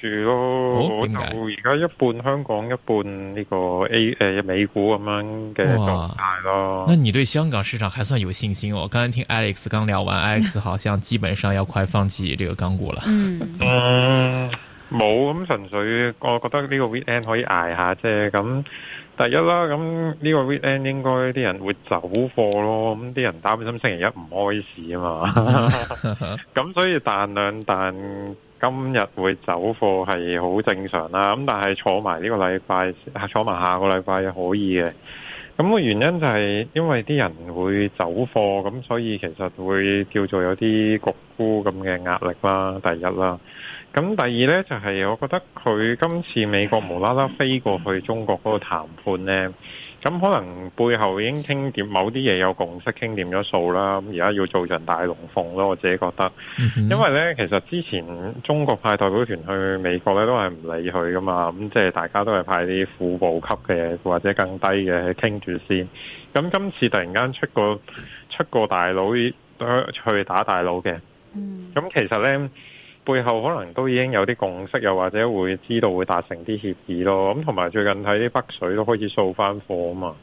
住咯，喔、就而家一半香港一半呢個 A 誒、呃、美股咁樣嘅狀態咯。那你對香港市場還算有信心哦？剛才聽 Alex 剛聊完 ，Alex 好像基本上要快放棄這個港股了挨挨。嗯，冇咁純粹，我覺得呢個 weekend 可以挨下啫。咁第一啦，咁呢個 weekend 應該啲人會走貨咯。咁啲人擔心星期一唔開市啊嘛，咁所以彈兩彈。今日會走貨係好正常啦，咁但係坐埋呢個禮拜，坐埋下個禮拜可以嘅。咁個原因就係因為啲人會走貨，咁所以其實會叫做有啲焗估咁嘅壓力啦。第一啦，咁第二呢，就係我覺得佢今次美國無啦啦飛過去中國嗰個談判呢。咁可能背後已經傾掂某啲嘢，有共識了了，傾掂咗數啦。咁而家要做人大龍鳳咯，我自己覺得。 因為呢，其實之前中國派代表團去美國呢，都係唔理佢噶嘛。咁即係大家都係派啲副部級嘅或者更低嘅傾住先。咁今次突然間出個出個大佬去打大佬嘅。 嗯。咁其實呢。背後可能都已經有啲共識，又或者會知道會達成啲協議咯。咁同埋最近睇啲北水都開始掃翻貨啊嘛。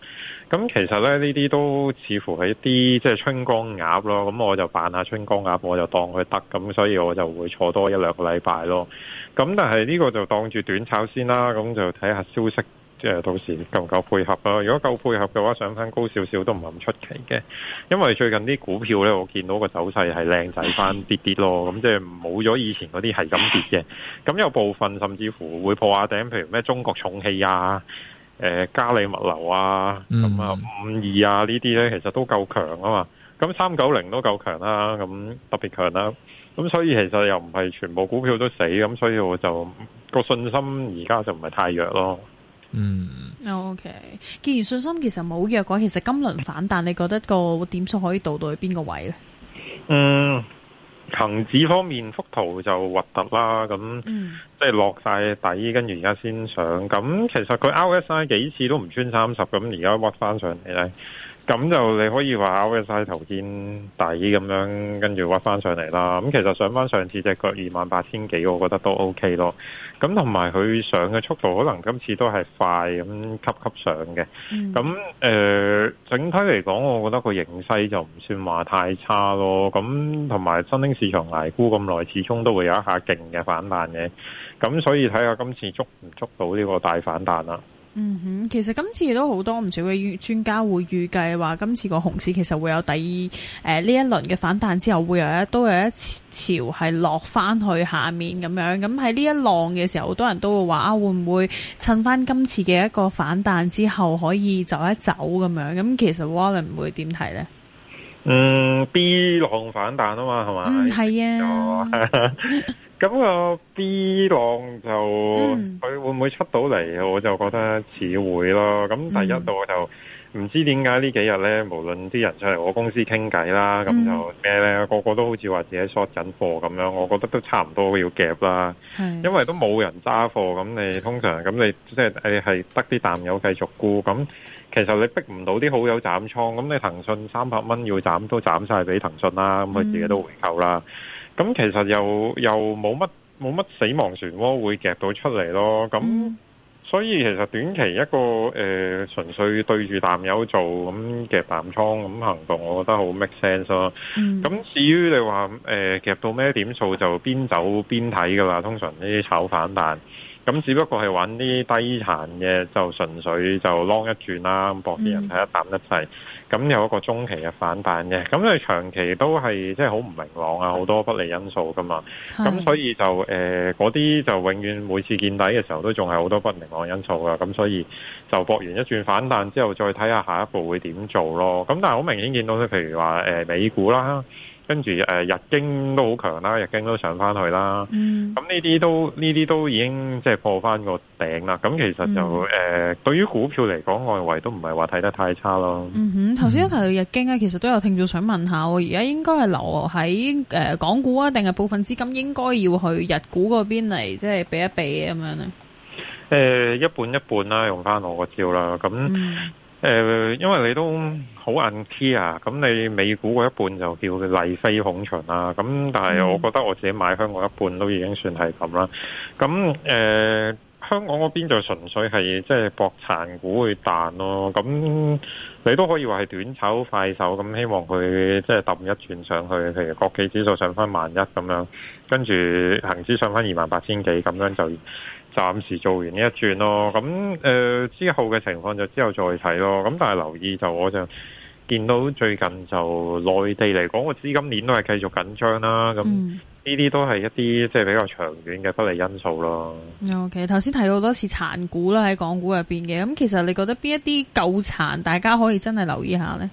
咁其實咧呢啲都似乎係一啲即係春光鴨咯。咁我就扮下春光鴨，我就當佢得。咁所以我就會坐多一兩個禮拜咯。咁但係呢個就當住短炒先啦。咁就睇下消息。即係到時夠唔夠配合咯？如果夠配合嘅話，上翻高少少都唔係咁出奇嘅。因為最近啲股票咧，我見到個走勢係靚仔翻，啲啲咯。咁即係冇咗以前嗰啲係咁跌嘅。咁有部分甚至乎會破下頂，譬如咩中國重汽啊、誒、呃、嘉利物流啊、咁、mm hmm. 嗯、啊五二啊呢啲咧，其實都夠強啊嘛。咁三九零都夠強啦，咁特別強啦。咁所以其實又唔係全部股票都死咁，所以我就個信心而家就唔係太弱咯。嗯、mm.，OK。既然信心其實冇弱過，其實今輪反彈你覺得個點數可以到到去邊個位呢？Mm. 嗯，恒指方面幅圖就核突啦，咁即係落晒底，跟住而家先上。咁其實佢 RSI 晒幾次都唔穿三十，咁而家屈翻上嚟。呢。咁就你可以話咬嘅曬頭肩底咁樣，跟住屈翻上嚟啦。咁其實上翻上次隻腳二萬八千幾，我覺得都 OK 咯。咁同埋佢上嘅速度，可能今次都係快咁級級上嘅。咁誒、嗯呃，整體嚟講，我覺得個形勢就唔算話太差咯。咁同埋新興市場捱沽咁耐，始終都會有一下勁嘅反彈嘅。咁所以睇下今次捉唔捉到呢個大反彈啦。嗯哼，其實今次都好多唔少嘅專家會預計話，今次個熊市其實會有第二誒呢、呃、一輪嘅反彈之後，會有一都有一潮係落翻去下面咁樣。咁喺呢一浪嘅時候，好多人都會話啊，會唔會趁翻今次嘅一個反彈之後，可以走一走咁樣？咁其實 Wallen 會點睇呢？嗯，B 浪反彈啊嘛，係嘛？嗯，係啊。咁啊 B 浪就佢、嗯、會唔會出到嚟？我就覺得似會咯。咁第一度就唔、嗯、知點解呢幾日咧，無論啲人出嚟我公司傾偈啦，咁就咩咧？個個都好似話自己 short 緊貨咁樣，我覺得都差唔多要夾啦。係是，因為都冇人揸貨，咁你通常咁你即係係得啲淡友繼續沽咁。其實你逼唔到啲好友斬倉，咁你騰訊三百蚊要斬都斬晒俾騰訊啦，咁佢自己都回購啦。咁、嗯、其實又又冇乜冇乜死亡漩渦會夾到出嚟咯。咁所以其實短期一個誒純、呃、粹對住淡友做咁夾淡倉咁行動，我覺得好 make sense 咯。咁、嗯、至於你話誒夾到咩點數就邊走邊睇㗎啦。通常呢啲炒反彈。咁只不過係揾啲低殘嘅，就純粹就 long 一轉啦，博啲人睇一啖一滯。咁、嗯、有一個中期嘅反彈嘅，咁誒長期都係即係好唔明朗啊，好是多不利因素噶嘛。咁是所以就誒嗰啲就永遠每次見底嘅時候都仲係好多不明朗因素噶。咁所以就博完一轉反彈之後，再睇下下一步會點做咯。咁但係好明顯見到咧，譬如話誒、呃、美股啦。跟住誒、呃、日經都好強啦，日經都上翻去啦。咁呢啲都呢啲都已經即係破翻個頂啦。咁其實就誒、呃嗯、對於股票嚟講，外圍都唔係話睇得太差咯。嗯哼，頭先提到日經咧，其實都有聽眾想問下，我而家應該係留喺誒港股啊，定係部分資金應該要去日股嗰邊嚟即係畀一畀咁樣呢？誒、呃、一半一半啦，用翻我個招啦。咁、嗯。嗯誒、呃，因為你都好硬 key 啊，咁你美股嗰一半就叫佢「麗飛孔雀」啦，咁但係我覺得我自己買香港一半都已經算係咁啦。咁誒、呃，香港嗰邊就純粹係即係博殘股去彈咯。咁你都可以話係短炒快手，咁希望佢即係揼一轉上去，譬如國企指數上翻萬一咁樣，跟住恆指上翻二萬八千幾，咁樣就。暫時做完呢一轉咯，咁、呃、誒之後嘅情況就之後再睇咯。咁但係留意就我就見到最近就內地嚟講個資金鏈都係繼續緊張啦。咁呢啲都係一啲即係比較長遠嘅不利因素咯。O K，頭先提到好多次殘股啦，喺港股入邊嘅。咁其實你覺得邊一啲舊殘大家可以真係留意下呢？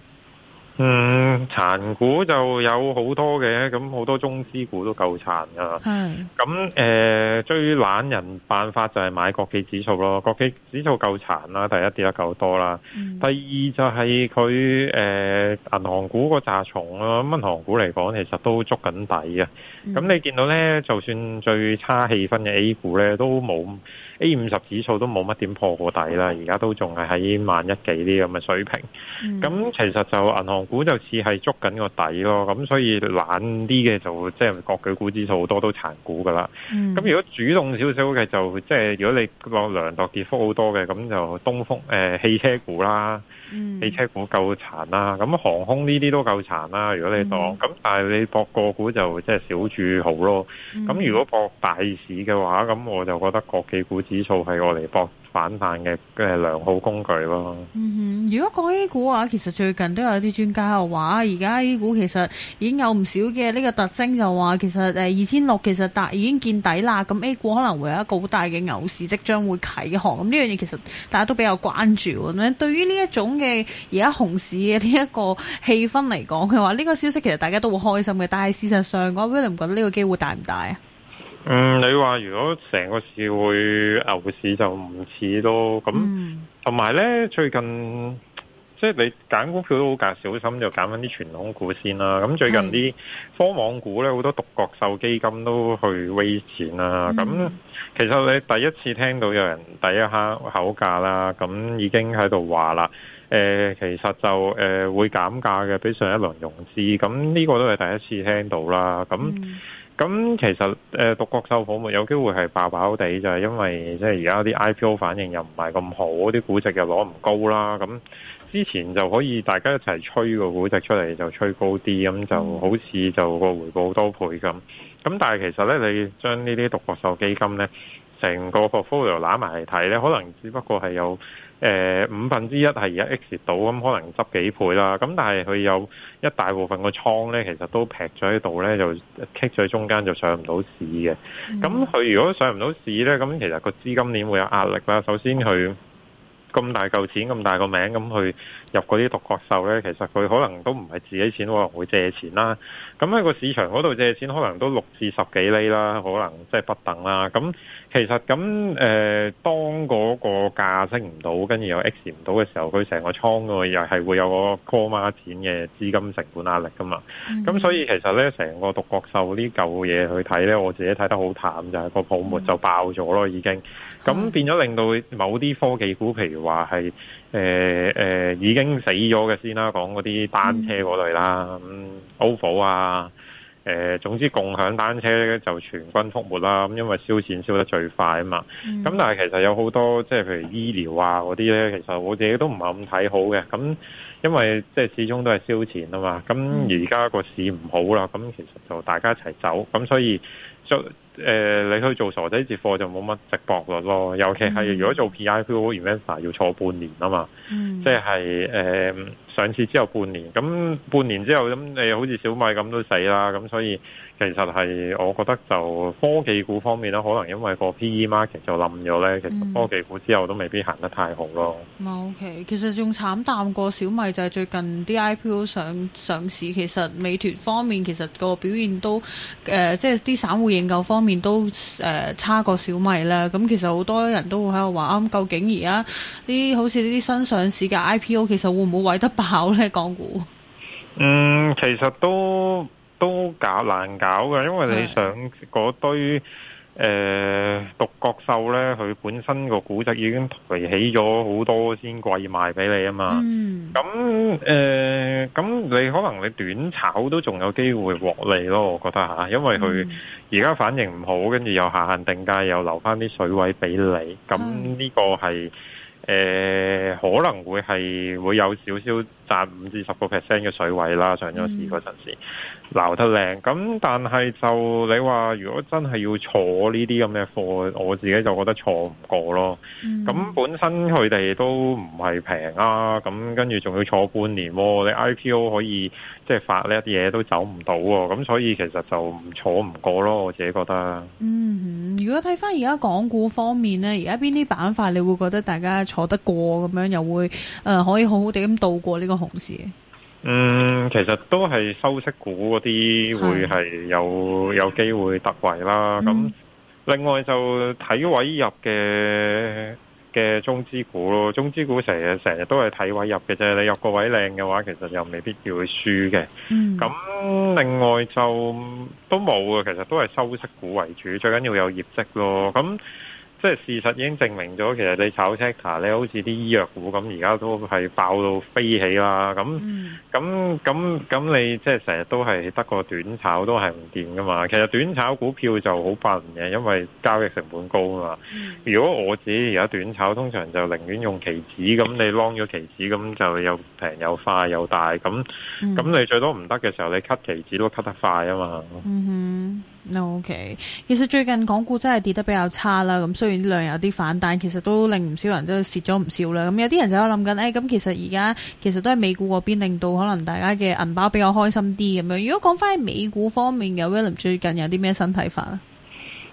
嗯，殘股就有好多嘅，咁好多中資股都夠殘噶。咁誒、 呃，最懶人辦法就係買國企指數咯，國企指數夠殘啦，第一跌得夠多啦。 第二就係佢誒，銀、呃、行股個炸重咯，咁銀行股嚟講，其實都捉緊底嘅。咁 你見到咧，就算最差氣氛嘅 A 股咧，都冇。A50 指數都冇乜點破過底啦，而家都仲係喺萬一幾啲咁嘅水平。咁、嗯、其實就銀行股就似係捉緊個底咯。咁所以懶啲嘅就即係國企股指數好多都殘股噶啦。咁、嗯、如果主動少少嘅就即係、就是、如果你當量度跌幅好多嘅咁就東風誒、呃、汽車股啦，嗯、汽車股夠殘啦。咁航空呢啲都夠殘啦。如果你當咁，嗯嗯、但係你博個股就即係少住好咯。咁如果博大市嘅話，咁我就覺得國企股指數係我嚟搏反彈嘅嘅良好工具咯。嗯哼，如果講 A 股話，其實最近都有啲專家又話，而家 A 股其實已經有唔少嘅呢個特徵，就話其實誒二千六其實達已經見底啦。咁 A 股可能會有一個好大嘅牛市即將會啟航。咁呢樣嘢其實大家都比較關注咁樣。對於呢一種嘅而家熊市嘅呢一個氣氛嚟講嘅話，呢個消息其實大家都會開心嘅。但係事實上，我 William 覺得呢個機會大唔大啊？嗯，你話如果成個市會牛市就唔似咯，咁同埋呢，最近即係你揀股票都好介小心，就揀翻啲傳統股先啦。咁最近啲科網股呢，好多獨角獸基金都去威錢啦。咁、嗯、其實你第一次聽到有人第一刻口價啦，咁已經喺度話啦。誒、呃，其實就誒、呃、會減價嘅，比上一輪融資，咁呢個都係第一次聽到啦。咁。嗯咁其實誒、呃、獨角獸股沒有機會係爆爆地，就係、是、因為即係而家啲 IPO 反應又唔係咁好，啲估值又攞唔高啦。咁之前就可以大家一齊吹個估值出嚟，就吹高啲，咁就好似就個回報好多倍咁。咁但係其實咧，你將呢啲獨角獸基金咧，成個 portfolio 攬埋嚟睇咧，可能只不過係有。誒、呃、五分之一係而家 X 到，咁、嗯、可能執幾倍啦。咁但係佢有一大部分個倉咧，其實都劈咗喺度咧，就棘咗喺中間就上唔到市嘅。咁佢、嗯、如果上唔到市咧，咁其實個資金鏈會有壓力啦。首先佢。咁大嚿錢，咁大個名，咁去入嗰啲獨角獸呢，其實佢可能都唔係自己錢，可能會借錢啦。咁喺個市場嗰度借錢，可能都六至十幾厘啦，可能即係不等啦。咁其實咁誒、呃，當嗰個價升唔到，跟住又 ex 唔到嘅時候，佢成個倉㗎又係會有個 call 孖錢嘅資金成本壓力㗎嘛。咁、嗯、所以其實呢，成個獨角獸呢嚿嘢去睇呢，我自己睇得好淡就係、是、個泡沫就爆咗咯，已經。咁變咗令到某啲科技股，譬如話係誒誒已經死咗嘅先啦，講嗰啲單車嗰類啦、嗯、OFO 啊，誒、呃、總之共享單車呢就全軍覆沒啦，咁因為燒錢燒得最快啊嘛。咁、嗯、但係其實有好多即係譬如醫療啊嗰啲咧，其實我自己都唔係咁睇好嘅。咁因為即係始終都係燒錢啊嘛。咁而家個市唔好啦，咁其實就大家一齊走，咁所以就。誒、呃，你去做傻仔，接貨就冇乜值搏率咯。尤其係如果做 pre-IPO investor，要坐半年啊嘛，嗯、即係誒、呃、上次之後半年，咁半年之後咁，你、呃、好似小米咁都死啦，咁所以。其實係，我覺得就科技股方面啦，可能因為個 P E market 就冧咗咧，嗯、其實科技股之後都未必行得太好咯。冇，okay, 其實仲慘淡過小米就係最近啲 I P O 上上市，其實美團方面其實個表現都誒、呃，即係啲散戶認購方面都誒、呃、差過小米啦。咁、嗯、其實好多人都會喺度話，啱究竟而家呢好似呢啲新上市嘅 I P O，其實會唔會毀得爆咧？港股？嗯，其實都。都搞難搞嘅，因為你想嗰堆誒獨角獸咧，佢本身個估值，已經抬起咗好多，先貴賣俾你啊嘛。咁誒，咁你可能你短炒都仲有機會獲利咯，我覺得吓，因為佢而家反應唔好，跟住又下限定價，又留翻啲水位俾你。咁呢個係誒，可能會係會有少少，賺五至十個 percent 嘅水位啦，上咗市嗰陣時撈得靚。咁但係就你話，如果真係要坐呢啲咁嘅貨，我自己就覺得坐唔過咯。咁、嗯、本身佢哋都唔係平啊，咁跟住仲要坐半年，你 IPO 可以即係發呢一啲嘢都走唔到，咁所以其實就唔坐唔過咯，我自己覺得。嗯，如果睇返而家港股方面呢，而家邊啲板塊你會覺得大家坐得過咁樣，又會誒、呃、可以好好地咁度過呢、這個？紅市，嗯，其實都係收息股嗰啲會係有有機會突圍啦。咁、嗯，另外就睇位入嘅嘅中資股咯，中資股成日成日都係睇位入嘅啫。你入個位靚嘅話，其實又未必要佢輸嘅。咁、嗯，另外就都冇啊，其實都係收息股為主，最緊要有業績咯。咁。即係事實已經證明咗，其實你炒 Tesla 咧，好似啲醫藥股咁，而家都係爆到飛起啦。咁咁咁咁，mm hmm. 你即係成日都係得個短炒，都係唔掂噶嘛。其實短炒股票就好笨嘅，因為交易成本高啊嘛。Mm hmm. 如果我自己而家短炒，通常就寧願用期指咁，你 long 咗期指咁就又平又快又大咁。咁、mm hmm. 你最多唔得嘅時候，你 cut 期指都 cut 得快啊嘛。Mm hmm. no、okay. 其實最近港股真係跌得比較差啦，咁雖然量有啲反彈，但其實都令唔少人都蝕咗唔少啦。咁有啲人就喺度諗緊誒，咁、欸、其實而家其實都係美股嗰邊令到可能大家嘅銀包比較開心啲咁樣。如果講翻喺美股方面嘅，William、嗯、最近有啲咩新睇法啊？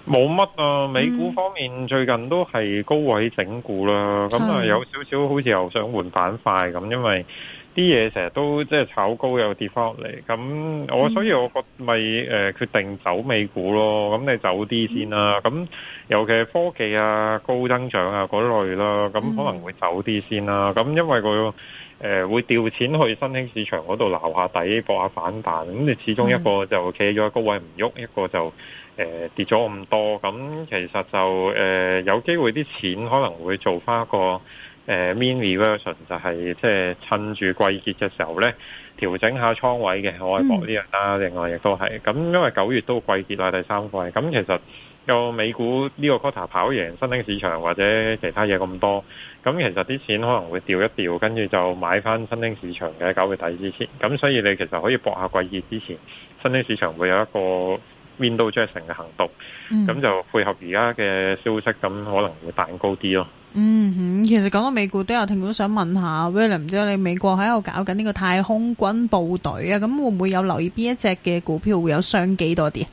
冇乜啊，美股方面最近都係高位整固啦，咁啊、嗯、有少少好似又想換板塊咁，因為。啲嘢成日都即係炒高又跌翻落嚟，咁我所以我覺咪誒決定走美股咯，咁你走啲先啦。咁尤其係科技啊、高增長啊嗰類啦，咁可能會走啲先啦。咁因為佢誒、呃、會調錢去新興市場嗰度留下底搏下反彈，咁你始終一個就企咗高位唔喐，嗯、一個就誒、呃、跌咗咁多，咁其實就誒、呃、有機會啲錢可能會做翻一個。誒 mini version 就係即係趁住季節嘅時候咧，調整下倉位嘅，我係搏呢樣啦。另外亦都係咁，因為九月都季節啦，第三季咁其實有美股呢個 quarter 跑贏新興市場或者其他嘢咁多，咁其實啲錢可能會掉一掉，跟住就買翻新興市場嘅九月底之前。咁所以你其實可以搏下季節之前新興市場會有一個 window dressing 嘅行動，咁就、mm. 配合而家嘅消息，咁可能會彈高啲咯。嗯，其實講到美股都有聽，都想問下，William，唔知你美國喺度搞緊呢個太空軍部隊啊？咁會唔會有留意邊一隻嘅股票會有商機多啲？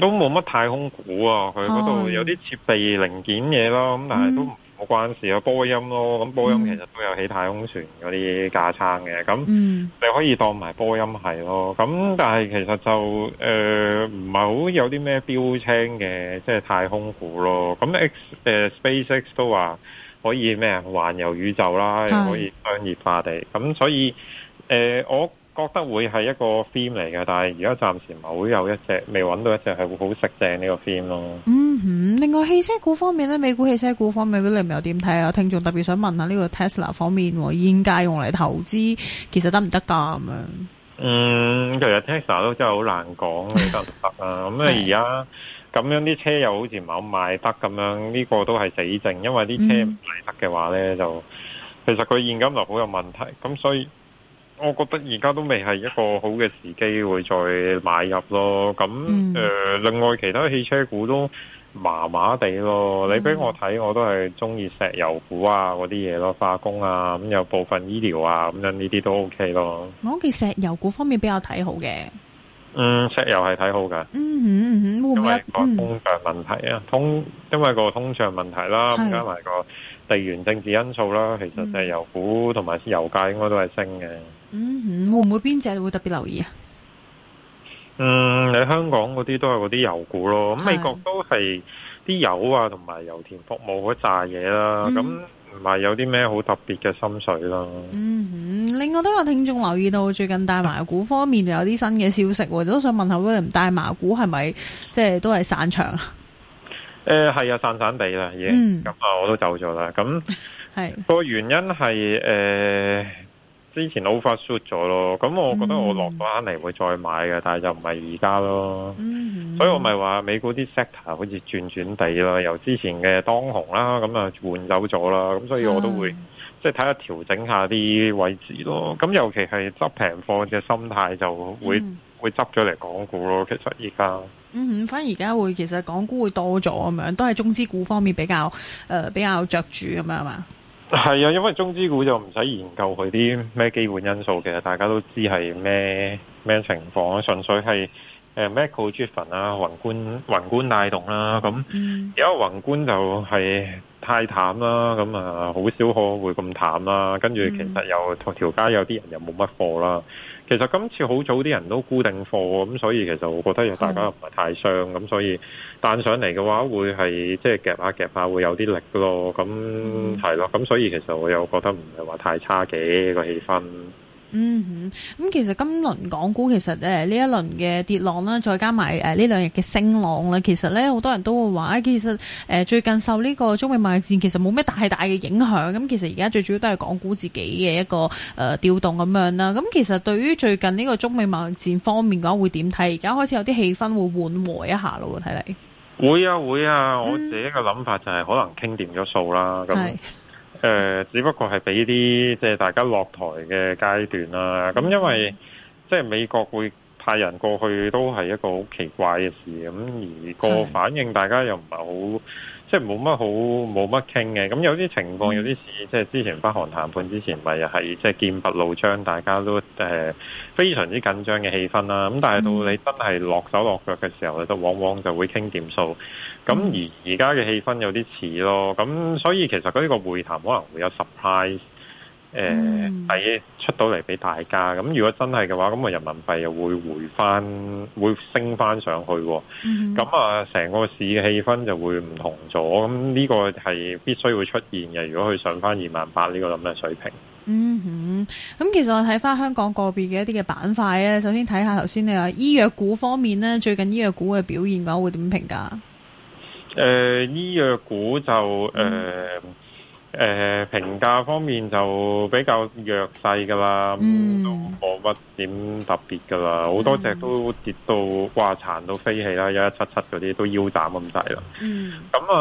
都冇乜太空股啊，佢嗰度有啲設備零件嘢咯，咁但係都冇關事啊。嗯、波音咯，咁波音其實都有起太空船嗰啲架撐嘅，咁、嗯、你可以當埋波音係咯。咁但係其實就誒唔係好有啲咩標籤嘅，即係太空股咯。咁 X 誒、呃、SpaceX 都話。可以咩啊？環遊宇宙啦，可以商業化地咁的、嗯，所以誒、呃，我覺得會係一個 theme 嚟嘅，但係而家暫時冇有，有一隻未揾到一隻係會好食正呢個 theme 咯。嗯哼，另外汽車股方面咧，美股汽車股方面，William 點睇啊？聽眾特別想問下呢個 Tesla 方面，現界用嚟投資其實得唔得㗎咁樣？嗯，其實 Tesla 都真係好難講你得唔得啊！咁啊而家。 咁樣啲車又好似唔係好賣得咁樣，呢個都係死症，因為啲車唔賣得嘅話呢，嗯、就其實佢現金流好有問題。咁所以，我覺得而家都未係一個好嘅時機會再買入咯。咁誒、嗯呃，另外其他汽車股都麻麻地咯。你俾我睇，我都係中意石油股啊嗰啲嘢咯，化工啊咁有部分醫療啊咁樣呢啲都 OK 咯。我對、嗯、石油股方面比較睇好嘅。嗯，石油係睇好噶，咁一個通脹問題啊，嗯、通因為個通脹問題啦、啊，是加埋個地緣政治因素啦、啊，嗯、其實就係油股同埋油價應該都係升嘅。嗯哼，會唔會邊隻會特別留意啊？嗯，喺香港嗰啲都係嗰啲油股咯，咁是美國都係啲油啊，同埋油田服務嗰紮嘢啦，咁、嗯。嗯唔係有啲咩好特別嘅心水咯。嗯，另外都有聽眾留意到最近大麻古方面有啲新嘅消息，我都想問下威 i 大麻古係咪即係都係散場啊？誒、呃，係啊，散散地啦，已、yeah, 經、嗯。咁啊，我都走咗啦。咁係 的個原因係誒。呃之前 over shoot 咗咯，咁我覺得我落翻嚟會再買嘅，嗯、但係就唔係而家咯、嗯嗯所轉轉。所以我咪話美股啲 sector 好似轉轉地咯，由之前嘅當紅啦，咁啊換走咗啦，咁所以我都會即係睇下調整下啲位置咯。咁尤其係執平貨嘅心態就會、嗯、會執咗嚟港股咯。其實而家嗯哼，反而而家會其實港股會多咗咁樣，都係中資股方面比較誒、呃、比較着住咁樣嘛。係啊，因為中資股就唔使研究佢啲咩基本因素，其實大家都知係咩咩情況，純粹係。誒 Michael Jefen 啊，宏觀宏觀帶動啦，咁而家宏觀就係太淡啦，咁、嗯嗯、啊好少可會咁淡啦，跟住其實有條街有啲人又冇乜貨啦，其實今次好早啲人都固定貨，咁所以其實我覺得又大家唔係太傷，咁、嗯、所以彈上嚟嘅話會係即係夾下夾下會有啲力咯，咁係咯，咁、嗯、所以其實我又覺得唔係話太差嘅個氣氛。嗯，咁其實今輪港股其實誒呢一輪嘅跌浪啦，再加埋誒呢兩日嘅升浪啦，其實咧好多人都會話，誒其實誒最近受呢個中美貿易戰其實冇咩太大嘅影響。咁其實而家最主要都係港股自己嘅一個誒調動咁樣啦。咁其實對於最近呢個中美貿易戰方面嘅話，會點睇？而家開始有啲氣氛會緩和一下咯，睇嚟。會啊會啊，我自己嘅諗法就係可能傾掂咗數啦咁。嗯誒、呃，只不過係俾啲即係大家落台嘅階段啦，啊。咁因為即係美國會派人過去，都係一個好奇怪嘅事咁，而個反應大家又唔係好。即係冇乜好冇乜傾嘅，咁有啲情況有啲似，即係之前北韓談判之前，咪又係即係劍拔弩張，大家都誒、呃、非常之緊張嘅氣氛啦。咁但係到你真係落手落腳嘅時候，咧都往往就會傾掂數。咁而而家嘅氣氛有啲似咯。咁所以其實佢呢個會談可能會有 surprise。誒，喺、嗯、出到嚟俾大家，咁如果真係嘅話，咁，個人民幣又會回翻，會升翻上去。咁啊、嗯哼，成個市嘅氣氛就會唔同咗。咁呢個係必須會出現嘅。如果佢上翻二萬八呢個咁嘅水平，嗯哼。咁其實我睇翻香港個別嘅一啲嘅板塊咧，首先睇下頭先你話醫藥股方面咧，最近醫藥股嘅表現嘅話，會點評價？誒、呃，醫藥股就誒。呃嗯誒，評價、呃、方面就比較弱勢噶啦，嗯、都冇乜點特別噶啦，好多隻都跌到嘩殘到飛起啦，一一七七嗰啲都腰斬咁滯啦。咁啊、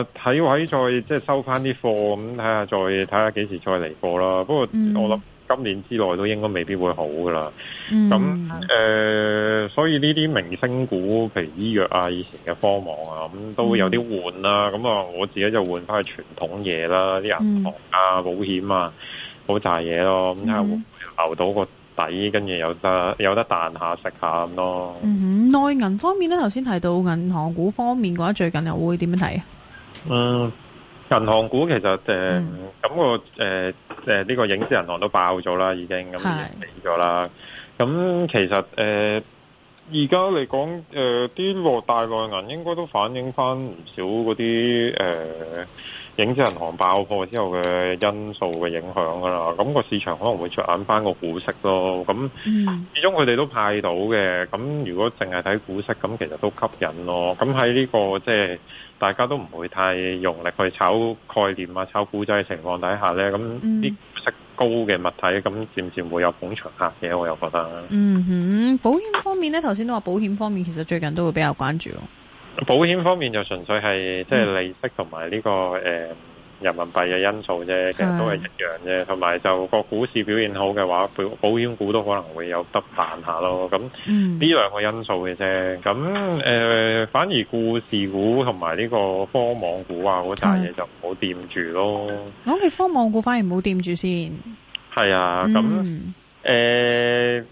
嗯，睇、嗯呃、位再即係收翻啲貨，咁睇下再睇下幾時再嚟貨啦。不過、嗯、我諗。今年之內都應該未必會好噶啦，咁誒、嗯呃，所以呢啲明星股，譬如醫藥啊、以前嘅科網啊，咁都會有啲換啦。咁、嗯、啊，我自己就換翻去傳統嘢啦，啲銀行啊、保險啊，好雜嘢咯。咁睇下換唔換流到個底，跟住有得有得彈下食下咁咯。嗯哼，內銀方面咧，頭先提到銀行股方面嘅話，最近又會點樣睇？嗯。銀行股其實誒，咁個誒誒呢個影子銀行都爆咗啦，已經咁死咗啦。咁的、嗯、其實誒，而家嚟講誒，啲、呃、大銀行應該都反映翻唔少嗰啲誒。呃影子銀行爆破之後嘅因素嘅影響㗎喇，咁個市場可能會着眼返個股息咯。咁始終佢哋都派到嘅。咁如果淨係睇股息，咁其實都吸引咯。咁喺呢個即係大家都唔會太用力去炒概念啊，炒股仔嘅情況底下呢，咁啲息高嘅物體，咁漸漸會有捧場客嘅。我又覺得，嗯哼，保險方面呢，頭先都話保險方面其實最近都會比較關注。保險方面就純粹係即係利息同埋呢個誒、呃、人民幣嘅因素啫，其實都係一樣啫。同埋吧就個股市表現好嘅話，保保險股都可能會有得彈下咯。咁呢兩個因素嘅啫。咁誒、呃，反而故事股同埋呢個科網股啊嗰扎嘢就唔好掂住咯。我諗嘅科網股反而唔好掂住先。係 啊，咁誒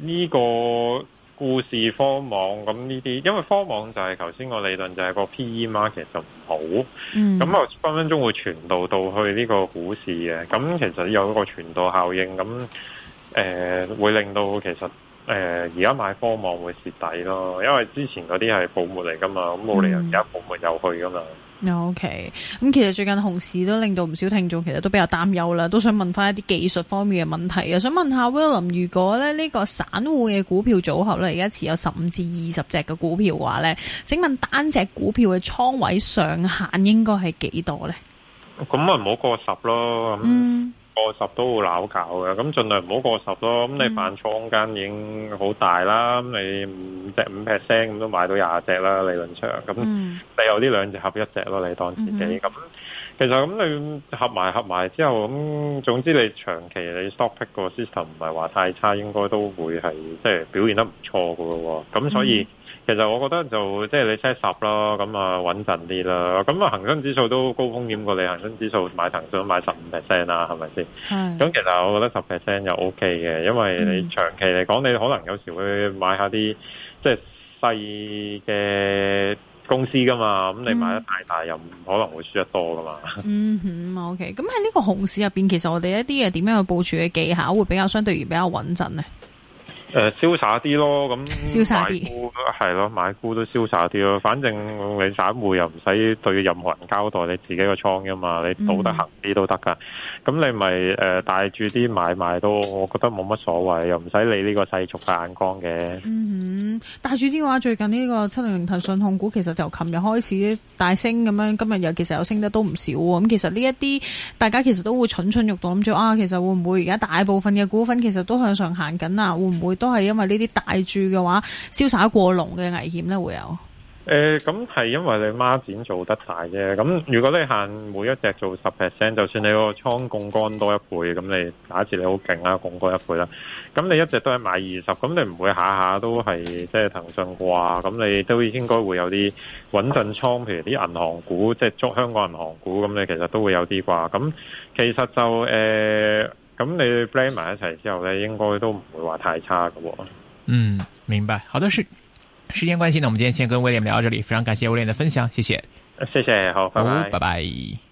呢個。股市科網咁呢啲，因為科網就係頭先個理論就係個 P E market 就唔好，咁啊、嗯、分分鐘會傳導到去呢個股市嘅，咁其實有一個傳導效應，咁誒、呃、會令到其實誒而家買科網會蝕底咯，因為之前嗰啲係泡沫嚟噶嘛，咁冇理由而家泡沫又去噶嘛。嗯 OK，咁其實最近熊市都令到唔少聽眾其實都比較擔憂啦，都想問翻一啲技術方面嘅問題啊。想問下 Will 林，如果咧呢個散戶嘅股票組合咧，而家持有十五至二十隻嘅股票嘅話咧，請問單隻股票嘅倉位上限應該係幾多呢？咁啊，唔好過十咯。嗯。過十都會拗搞嘅，咁盡量唔好過十咯。咁你犯錯空間已經好大啦，咁、mm hmm. 你五隻五 percent 咁都買到廿隻啦，理論上，咁你有呢兩隻合一隻咯，你當自己。咁、mm hmm. 其實咁你合埋合埋之後，咁總之你長期你 stock pick 個 system 唔係話太差，應該都會係即係表現得唔錯噶。咁所以。Mm hmm. 其實我覺得就即係你 set 十咯，咁啊穩陣啲啦。咁啊恒生指數都高風險過你，恒生指數買騰訊買十五 percent 啦，係咪先？咁其實我覺得十 percent 又 OK 嘅，因為你長期嚟講，你可能有時會買下啲即係細嘅公司噶嘛。咁你買得太大又可能會輸得多噶嘛。嗯，OK。咁喺呢個熊市入邊，其實我哋一啲嘅點樣去部署嘅技巧，會比較相對而比較穩陣咧。誒，瀟灑啲咯，咁、嗯、買股係咯，買股都瀟灑啲咯。反正你散戶又唔使對任何人交代你自己個倉噶嘛，你道德行啲都得噶。咁、嗯、哼你咪誒帶住啲買賣都，我覺得冇乜所謂，又唔使理呢個世俗嘅眼光嘅。嗯哼，帶住啲話，最近呢個七零零騰訊控股其實由琴日開始大升咁樣，今日又其實有升得都唔少。咁其實呢一啲大家其實都會蠢蠢欲動，諗住啊，其實會唔會而家大部分嘅股份其實都向上行緊啊？會唔會？都係因為呢啲大注嘅話，瀟灑過龍嘅危險咧會有。誒、呃，咁係因為你孖展做得大啫。咁如果你限每一隻做十 percent，就算你個倉槓桿多一倍，咁你假設你好勁啦，槓桿一倍啦，咁你一直都係買二十，咁你唔會下下都係即係騰訊啩。咁你都應該會有啲穩陣倉，譬如啲銀行股，即係捉香港銀行股，咁你其實都會有啲啩。咁其實就誒。呃咁你 blend 埋一齊之後咧，應該都唔會話太差㗎。嗯，明白。好多時，時間關係咧，我們今天先跟威廉聊到這裏，非常感謝威廉的分享，謝謝，謝謝，好，拜拜。哦，拜拜。